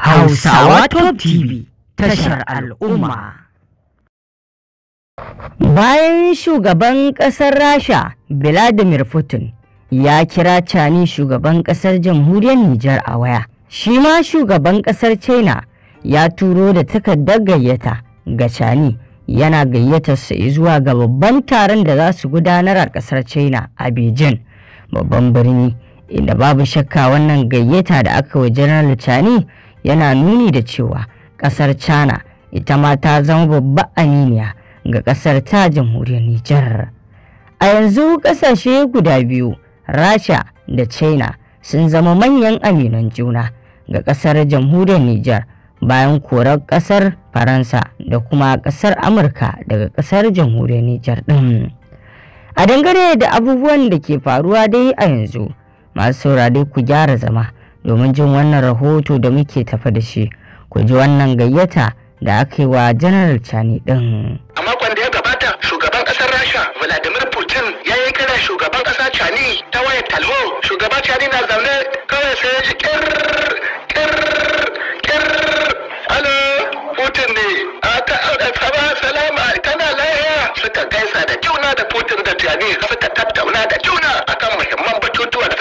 Hausawa Top TV tashar al'umma. Bayan shugaban ƙasar Rasha Vladimir Putin ya kira cani shugaban ƙasar jamhuriyar Nijar a waya, shi ma shugaban ƙasar China ya turo da takardar gayyata ga cani yana gayyata su zuwa ga babban taron da za su gudanar a ƙasar China a Beijing babban birni inda babu shakka wannan gayyata da aka wa Janar Chani yana nuni da cewa kasar china ita ma ta zama babba aminiya ga kasar ta jamhuriyar nijar a yanzu kasashe guda biyu rasha da china sun zama manyan aminan juna ga kasar jamhuriyar nijar bayan korar kasar faransa da kuma kasar amurka daga kasar jamhuriyar nijar ɗin. a dangane da abubuwan da ke faruwa dai a yanzu masu saurare ku gyara zama domin jin wannan rahoto da muke tafa da shi ku ji wannan gayyata da aka yi wa janar cani din a makon da ya gabata shugaban kasar rasha vladimir putin ya yi kira shugaban kasa cani ta wayar talo Shugaban cani na zaune kawai sai ya ji kir kir kir alo putin ne a ta salama kana lahiya suka gaisa da juna da putin da cani suka tattauna da juna akan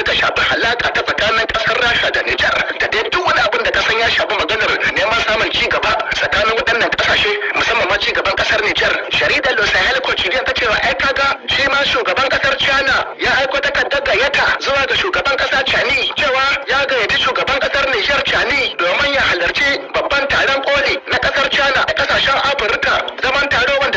ta shafi halaka ta tsakanin kasar rasha da nijar da dai duk wani abin da kasan ya shafi maganar neman samun ci gaba tsakanin waɗannan kasashe musamman ma ci gaban kasar nijar jaridar los angeles quotidian ta cewa ai kaga shi ma shugaban kasar china ya aiko takardar gayyata zuwa ga shugaban kasa chani cewa ya gayyaci shugaban kasar nijar chani domin ya halarci babban taron koli na kasar china a kasashen afirka zaman taron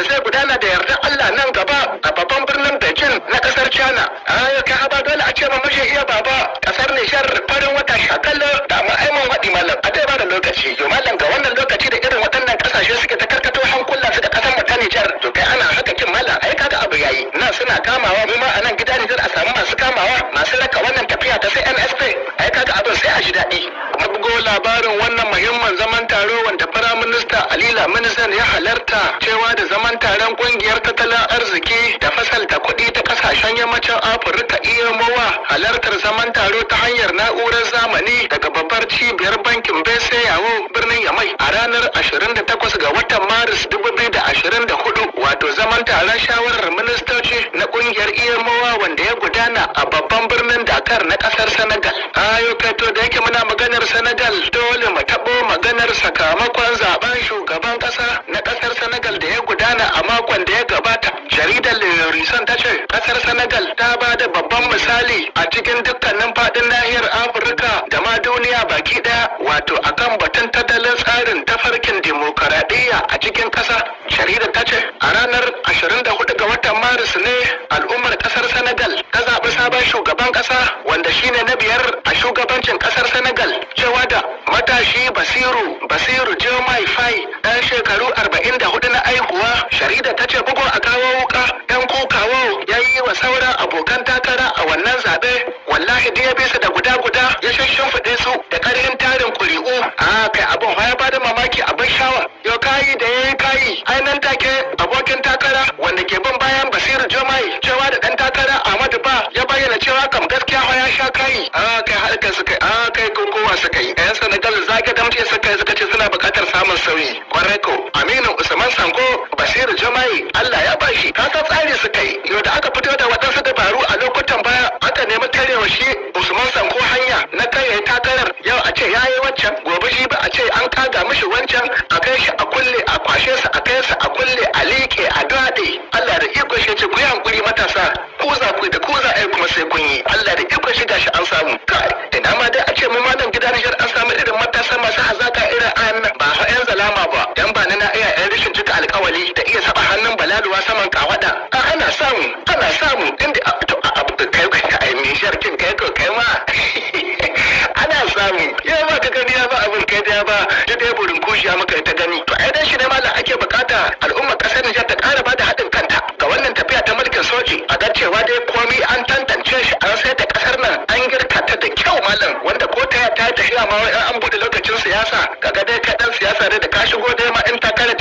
da zaman taron kungiyar tattalin arziki da fasalta kuɗi ta ƙasashen yammacin Afirka EMOA halartar zaman taro ta hanyar na'urar zamani daga babbar cibiyar bankin Bese Yawo birnin Yamai a ranar 28 ga watan Maris 2024 wato zaman taron shawarar ministoci na kungiyar EMOA wanda ya gudana a babban birnin Dakar na kasar Senegal. Ayo to da yake muna maganar Senegal dole mu taɓo maganar sakamakon zaben shugaban kasar Senegal ta ba da babban misali a cikin dukkanin faɗin nahiyar Afirka da ma duniya baki ɗaya wato akan batun tattalin tsarin tafarkin dimokuraɗiyya a cikin kasa Sharida ta ce a ranar 24 ga watan Maris ne al'umma al'ummar kasar Senegal ta zaɓi sabon shugaban ƙasa wanda shine na biyar a shugabancin kasar Senegal cewa da matashi Basiru Basiru Jomai Fai ɗan shekaru hudu na aihuwa Sharida ta ce bugun a kawo wuka ɗan kokawo ya yi wa sauran abokan takara a wannan zaɓe wallahi da ya bisa da guda-guda ya shashshimfiɗe su da ƙarfin tarin kuri'u a kai abin ya bada mamaki abin shawa yau kayi da ya yi kayi ainihin take abokin takara wanda ke bin basiru jomai cewa da ɗan takara ahmadu ba ya bayyana cewa kam gaskiya fa ya sha kai a kai su suka a kai gungowa suka yi yan senegal zage damce suka yi suka ce suna buƙatar samun sauyi kwarai ko aminu usman sanko basir jama'i Allah ya bashi ka san tsari su kai yau da aka fito da waɗansu dabaru a lokutan baya aka nemi tarewa shi Usman Sanko hanya na kai ya takarar yau a ce yayi wancan gobe shi ba a ce an kaga mishi wancan a kai shi a kulle a kwashe sa a kai sa a kulle a leke a dade Allah da iko shi ce ku yi hankuri matasa ku za ku da ku za a kuma sai kun yi Allah da iko shi gashi an samu kai ina ma dai a ce mu malam gidan an samu irin matasa masu hazaka irin an ba fa yan zalama ba dan ba na iya alkawali da iya saba hannun balaluwa saman kawada a ana samu ana samu inda to abu da kai kai kai me sharkin kai ko kai ma ana samu ya ba ka gani ya ba abin kai da ba da dai burin kushiya maka ita gani to ai dan shi ne malam ake bukata al'ummar kasar Nijar ta ƙara bada haɗin kanta ga wannan tafiya ta mulkin soji a ga cewa dai komai an tantance shi an sai ta kasar nan an girka da kyau mallam. wanda ko ta ta tafiya ma an bude lokacin siyasa kaga dai ka dan siyasa da ka shigo dai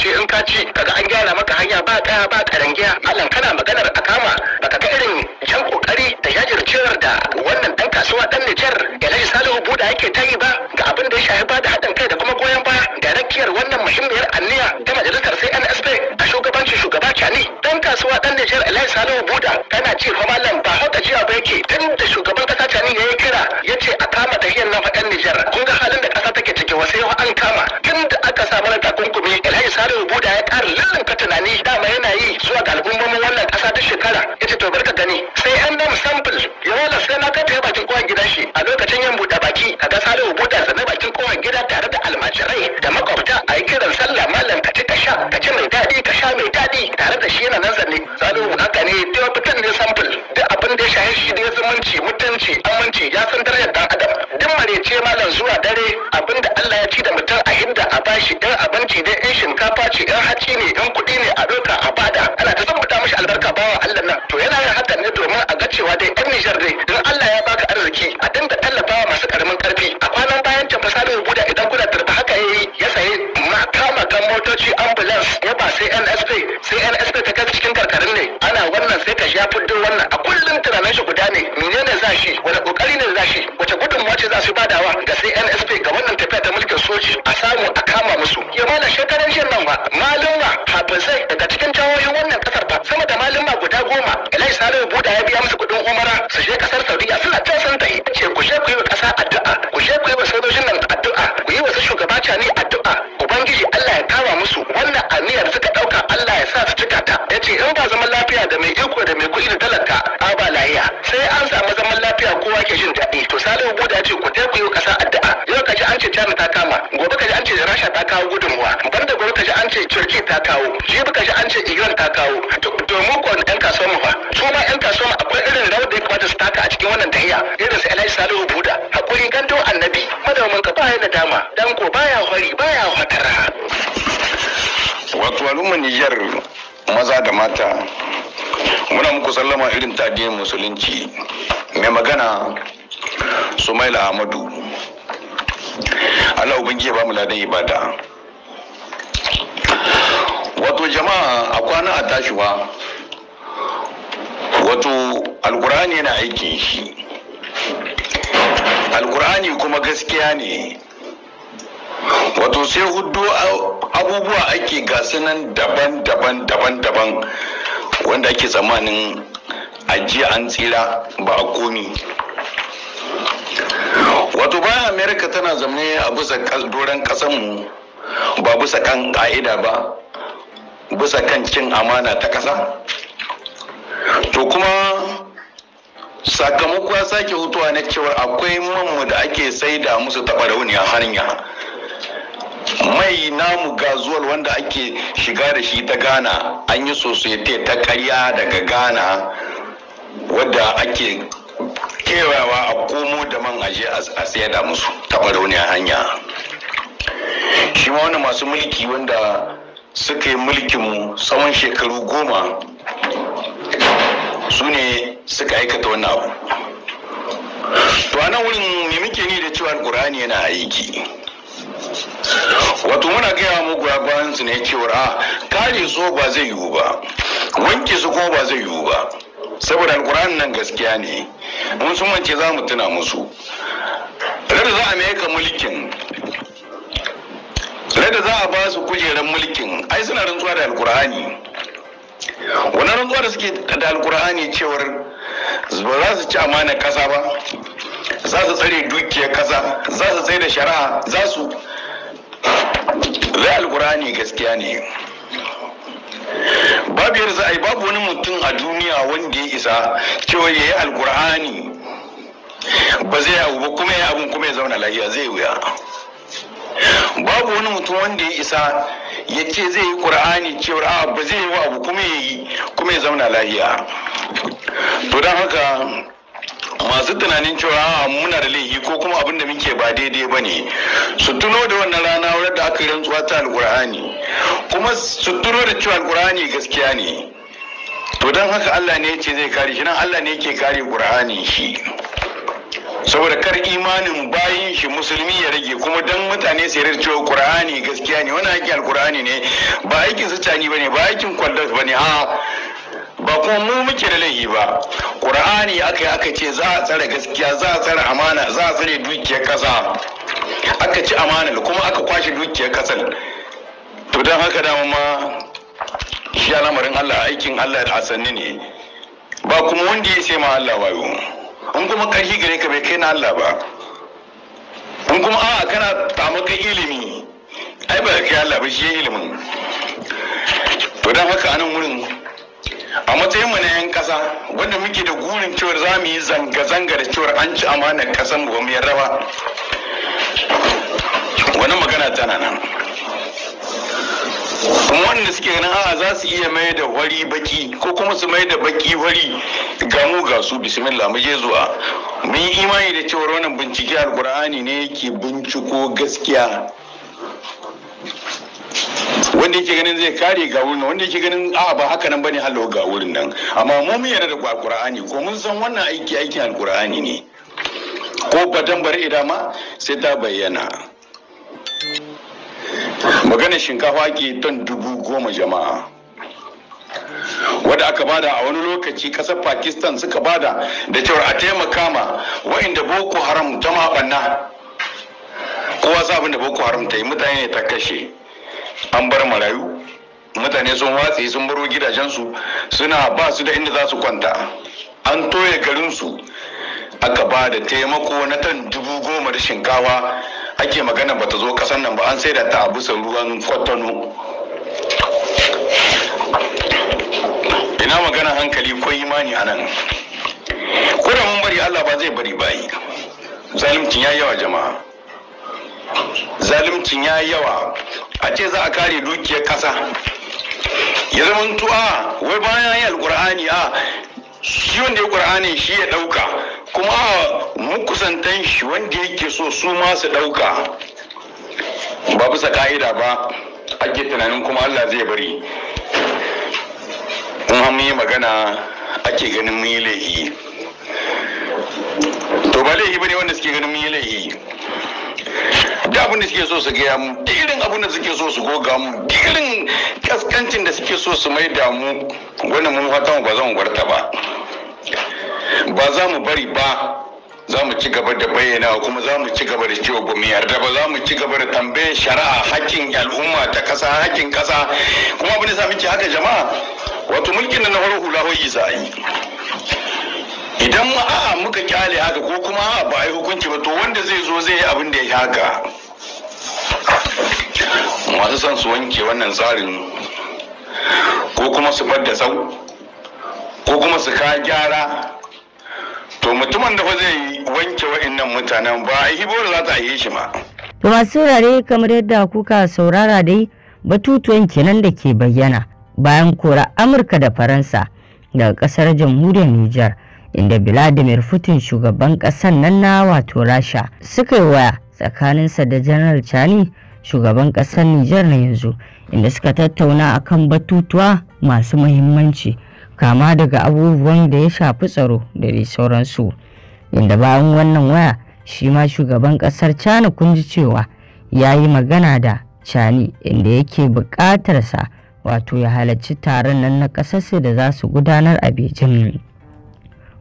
ce in ka ci kaga an gyara maka hanya ba kaya ba karangiya Allah kana maganar a kama baka ga irin jan kokari da jajircewar da wannan dan kasuwa dan Nijar laji Salihu Buda yake ta yi ba ga abin da ya shafi ba da haɗin kai da kuma goyon baya da rakiyar wannan muhimmiyar anniya ta majalisar CNSP a shugabancin shugaba Kyani dan kasuwa dan Nijar Alhaji Salihu Buda kana ce fa mallam ba haka jiya ba yake tun da shugaban kasa Kyani ya yi kira ya ce a kama tahiyar nan fa Nijar kun ga halin da kasa take ciki wasu yau an kama tun da aka sa mana takunkumi salihu rubuta ya ƙara ka tunani dama yana yi zuwa ga al'ummomin wannan ƙasa ta shekara ya ce to barka gani sai an dam sample ya wala sai na kai ta bakin kowa gidan shi a lokacin yin buɗe baki a ga salihu buda na bakin kowa gida tare da almajirai da makwabta a yi kiran sallah mallam ka ci ka sha ka ci mai daɗi ka sha mai daɗi tare da shi yana nan zanne salihu haka ne ya fitar ne sample duk abin da ya shahi shi da ya zumunci mutunci amince ya san darajar dan adam duk ce malam zuwa dare abin da Allah ya ci da a bashi yan abinci dai yan shinkafa ce yan haci ne yan kuɗi ne a doka a bada ana ta saboda mashi albarka bawa Allah nan to yana yin hakan ne domin a ga cewa dai yan Nijar dai don Allah ya baka arziki a dinga tallafawa masu karamin karfi a kwanan bayan can fasarin guda idan kuna tarba haka yayi ya sayi kan motoci ambulance ya ba sai NSP sai NSP ta kai cikin karkarin ne ana wannan sai ka sha fuddin wannan a kullum tunanin shi guda ne menene za shi wani kokari ne za shi wace gudunmuwa ce za su badawa ga sai NSP ga wannan soji a samu a kama musu ya mana shekaran jiya nan ba malumma hafizai daga cikin jawoyin wannan kasar ba sama da malumma guda goma ilai salihu buda ya biya musu kudin umara su je kasar saudiya suna can ta yi ce ku je ku yi wa kasa addu'a ku je ku yi wa sojojin nan addu'a ku yi wa su shugaba ni addu'a ubangiji Allah ya kama musu wannan aniyar suka dauka Allah ya sa su cika ta ya ce in ba zaman lafiya da mai iko da mai kuɗi da talaka a ba layiya. sai an samu zaman lafiya kowa ke jin daɗi to salihu buda ya ce ku je ku yi kasa addu'a ka ji an ce China ta kama gobe ka ji an ce Russia ta kawo gudunmuwa banda gobe ka ji an ce Turkey ta kawo jibi ka ji an ce Iran ta kawo domin ko yan kasuwar mu fa su ma yan kasuwar mu akwai irin rawar da ya kamata su taka a cikin wannan tahiya irin su Alhaji Salihu Buda hakuri gando annabi madawamin ka baya nadama dan ko baya hori baya hatara wato al'ummar Nijar maza da mata muna muku sallama irin ta addinin musulunci mai magana sumaila ahmadu Allah ubangiji ya bamu ladan ibada wato jama'a a kwana a tashi wato alkur'ani yana aiki shi alkur'ani kuma gaskiya ne wato sai hudu abubuwa ake gasu nan daban daban daban daban wanda ake tsammanin ajiya an tsira ba a komi wato bayan amerika tana zaune a bisa doron mu ba bisa kan ka'ida ba bisa kan cin amana ta kasa to kuma sakamako ya sake hutuwa na cewa akwai manmu da ake saida musu taɓa a hanya mai namu gazuwal wanda ake shiga da shi ta ghana an yi sosai ta karya daga ghana wadda ake kewayawa a komo da man aje a tsaye da musu taɓa rauniyar hanya shi ma wani masu mulki wanda suka yi mulkin tsawon shekaru goma su ne suka aikata wannan abu to a nan wurin me muke ne da cewa alkur'ani yana aiki wato muna gaya mu gurabawan su ne cewar a ah, kare so ba zai yiwu ba wanke su ko ba zai yiwu ba saboda alkur'ani nan gaskiya ne mun sun wance za mu tuna musu rada za a mai mulkin rada za a ba su kujerar mulkin ai suna rantsuwa da alkur'ani wani rantsuwa da suke da alkur'ani cewar ba za su ci amana kasa ba za su tsare dukiyar kasa za su tsaye da shari'a za su zai alkur'ani gaskiya ne babu yadda za babu wani mutum a duniya wanda ya isa cewa ya yi alkur'ani ba zai yi ba kuma ya abin kuma ya zauna lafiya zai wuya babu wani mutum wanda ya isa ya ce zai yi ƙur'ani cewar a ba zai yi wa abu kuma ya yi kuma ya zauna lafiya to don haka masu tunanin cewa muna da laifi ko kuma abin da muke ba daidai ba ne su tuno da wannan rana wadda aka yi rantsuwa ta alƙur'ani kuma su da cewa alkur'ani gaskiya ne to don haka Allah ne ce zai kare shi nan Allah ne ke kare alkur'ani shi saboda kar imanin bayin shi musulmi ya rage kuma don mutane su yarda cewa alkur'ani gaskiya ne Wani aikin alkur'ani ne ba aikin su cani ne? ba aikin kwaldas ba ne ba kuma mu muke da laifi ba qur'ani aka aka ce za a tsare gaskiya za a tsare amana za a tsare dukiyar kasa aka ci amanar kuma aka kwashe dukiyar kasar to don haka dama ma shi al'amarin Allah aikin Allah da asanni ne ba kuma wanda ya ce ma Allah wayo in kuma ƙarfi gare ka bai kai na Allah ba in kuma a kana kai ilimi ai ba kai Allah ba shi ilimin to don haka anan wurin a matsayin mu na yan kasa wanda muke da gurin cewar za mu yi zanga-zanga da cewar an ci amanar kasan mu ba mu yarda ba wani magana tana nan wanda suke ganin a za su iya mai da wari baki ko kuma su mai da baki wari ga mu ga su bismillah mu je zuwa mun yi imani da cewar wannan bincike alkur'ani ne yake binciko gaskiya wanda yake ganin zai kare ga wurin wanda yake ganin a ba haka nan bane halo ga wurin nan amma mu mu yarda da alkur'ani ko mun san wannan aiki aikin alkur'ani ne ko batan bar idama sai ta bayyana magana shinkafa ke ton dubu goma jama'a wadda aka bada a wani lokaci kasar pakistan suka bada da cewar a taimaka ma wa'inda boko haram ta maɓanna kowa sa da boko haram ta yi mutane ne ta kashe an bar marayu mutane sun watsi sun baro gidajensu suna ba su da inda za su kwanta an toye garinsu aka ba da taimako na tan dubu goma da shinkawa ake magana bata zo kasan nan ba an saida ta a bisa ruwan kwatano ina magana hankali ko imani a nan koda mun bari allah ba zai bari bayi zalimcin ya yawa jama'a zalimcin ya yawa a ce za a kare dukiyar kasa ya zama tuwa ah, wai bayan yi alkur'ani a ah, shi wanda ya kur'ani shi ya dauka kuma kusantan shi wanda yake so su ma su ɗauka ba bisa ka'ida ba ake tunanin kuma Allah zai bari in mun yi magana ake ganin mun yi laihi to ba ba bane wanda suke ganin mun yi laihi da abin da suke so su gaya mu da abinda abin da suke so su goga mu da kaskancin da suke so su mai damu mu mun fata mu ba zan gwarta ba ba za mu bari ba za mu ci gaba da bayyana kuma za mu ci gaba da cewa ba yarda ba za mu ci gaba da tambayar shari'a hakkin al'umma ta kasa hakkin kasa kuma abin da sa muke haka jama'a wato mulkin na farar hula hoyi za a yi idan ma a'a muka kyale haka ko kuma a'a ba a yi hukunci ba to wanda zai zo zai yi abin da ya haka masu son su wanke wannan tsarin ko kuma su bar da sau ko kuma su ka gyara to mutumin da fa zai wanke wa'annan mutanen ba a hibora za ta yi shi ma to masu saurare kamar yadda kuka saurara dai batutuwan kenan da ke bayyana bayan kora amurka da faransa daga kasar jamhuriyar niger inda vladimir putin shugaban kasar nan na wato rasha suka yi waya tsakaninsa da janar chani shugaban kasar niger na yanzu inda suka tattauna akan batutuwa masu muhimmanci. kama daga abubuwan da ya shafi tsaro da dai sauransu inda bayan wannan waya shi ma shugaban kasar china kun ji cewa ya yi magana da chani inda yake buƙatarsa wato ya halarci taron nan na ƙasarsa da za su gudanar a beijing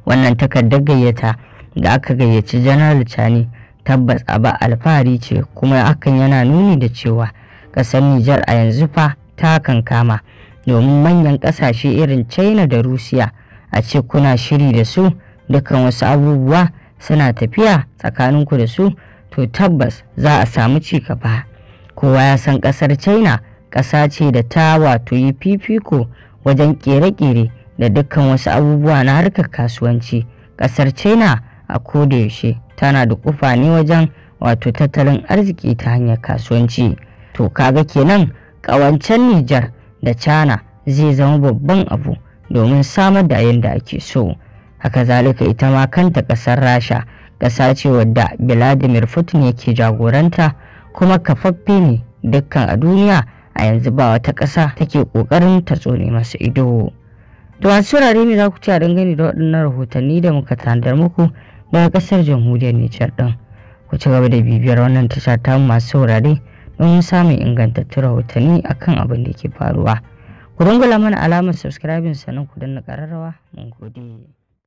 wannan takardar gayyata da aka gayyaci janar chani tabbas ba alfahari ce kuma hakan yana nuni da cewa ƙasar nijar a yanzu fa ta kankama kama domin manyan ƙasashe irin china da rusiya a ce kuna shiri da su dukkan wasu abubuwa suna tafiya tsakaninku da su to tabbas za a samu cigaba kowa ya san ƙasar china ƙasa ce da ta wato yi fifiko wajen ƙere-ƙere da dukkan wasu abubuwa na harkar kasuwanci ƙasar china a kodayaushe tana da kufa ne wajen wato tattalin arziki ta hanyar kasuwanci to kaga kenan ƙawancen nijar da China zai zama babban abu domin samar da yadda da ake so. Haka zalika ita ma kanta kasar Rasha ƙasa ce wadda Vladimir Putin yake jagoranta kuma kafaffe ne dukkan a duniya a yanzu ba wata kasa take kokarin ta tsone masa ido. To a surare ne za ku ci a dangane da waɗannan rahotanni da muka tanadar muku daga ƙasar jamhuriyar Nijar ɗin. Ku ci gaba da bibiyar wannan tasha ta masu saurare. domin samun ingantattun rahotanni akan abin da ke faruwa. Ku dungula mana alamar subscribing sannan ku danna ƙararrawa. Mun gode.